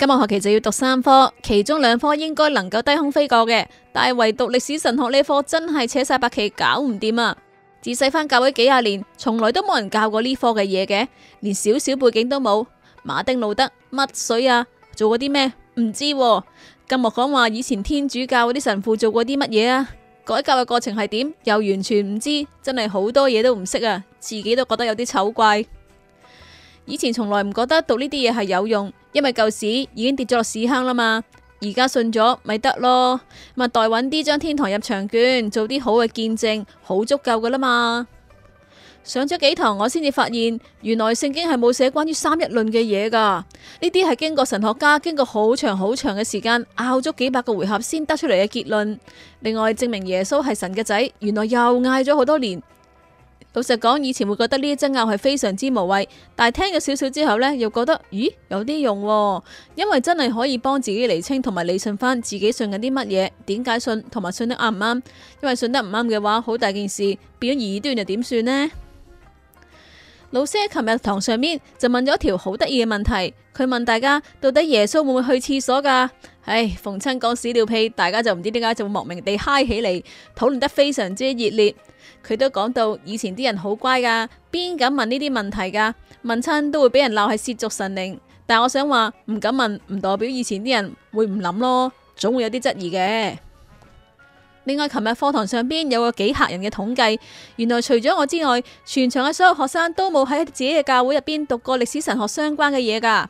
今日學期就要讀三科，其中兩科應該能夠低空飛過嘅，但係唯獨歷史神學呢科真係扯晒白旗，搞唔掂啊！自細返教會幾廿年，從來都冇人教過呢科嘅嘢嘅，連少少背景都冇。馬丁路德乜水啊？做過啲咩？唔知啊。咁莫講話以前天主教嗰啲神父做過啲乜嘢啊？改革嘅過程係點？又完全唔知，真係好多嘢都唔識啊！自己都覺得有啲醜怪。以前從來唔覺得讀呢啲嘢係有用，因為舊時已經跌咗落屎坑啦嘛。而家信咗咪得咯，咪代搵啲張天堂入場券，做啲好嘅見證，好足夠噶啦嘛。上咗幾堂，我先至發現，原來聖經係冇寫關於三一論嘅嘢噶，呢啲係經過神學家經過好長好長嘅時間拗咗幾百個回合先得出嚟嘅結論。另外證明耶穌係神嘅仔，原來又嗌咗好多年。老實講，以前會覺得呢啲爭拗係非常之無謂，但係聽咗少少之後呢，又覺得咦有啲用啊，因為真係可以幫自己釐清同埋理順翻自己信緊啲乜嘢，點解信同埋信得啱唔啱？因為信得唔啱嘅話，好大件事變咗異端，又點算呢？老師喺琴日堂上面就問咗條好得意嘅問題，佢問大家到底耶穌會唔會去廁所噶？唉，逢親講屎尿屁，大家就唔知點解就會莫名地嗨起嚟，討論得非常之熱烈。佢都講到以前啲人好乖噶，邊敢問呢啲問題噶？問親都會俾人鬧係褻瀆神靈。但我想話唔敢問，唔代表以前啲人會唔諗咯，總會有啲質疑嘅。另外，琴日課堂上邊有個幾嚇人嘅統計，原來除咗我之外，全場嘅所有學生都冇喺自己嘅教會入邊讀過歷史神學相關嘅嘢㗎。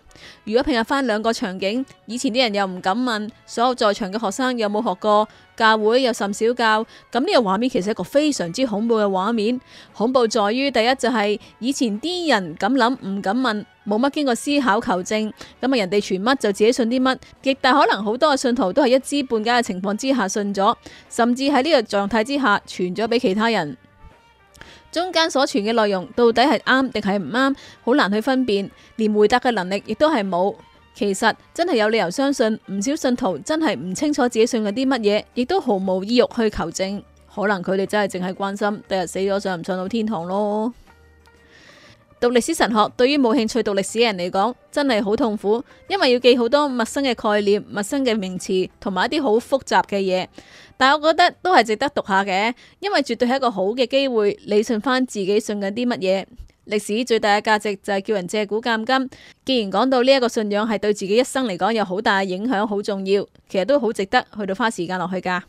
如果配合返兩個場景，以前啲人又唔敢問，所有在場嘅學生有冇學過，教會又甚少教，咁呢個畫面其實係一個非常之恐怖嘅畫面。恐怖在於第一就係、是、以前啲人敢諗唔敢問，冇乜經過思考求證，咁啊人哋傳乜就自己信啲乜，極大可能好多嘅信徒都係一知半解嘅情況之下信咗，甚至喺呢個狀態之下傳咗俾其他人。中間所傳嘅內容到底係啱定係唔啱，好難去分辨，連回答嘅能力亦都係冇。其實真係有理由相信唔少信徒真係唔清楚自己信緊啲乜嘢，亦都毫無意欲去求證。可能佢哋真係淨係關心第日死咗上唔上到天堂咯。讀歷史神學對於冇興趣讀歷史嘅人嚟講，真係好痛苦，因為要記好多陌生嘅概念、陌生嘅名詞同埋一啲好複雜嘅嘢。但係我覺得都係值得讀下嘅，因為絕對係一個好嘅機會，理順翻自己信緊啲乜嘢。歷史最大嘅價值就係叫人借古鑑今。既然講到呢一個信仰係對自己一生嚟講有好大嘅影響，好重要，其實都好值得去到花時間落去㗎。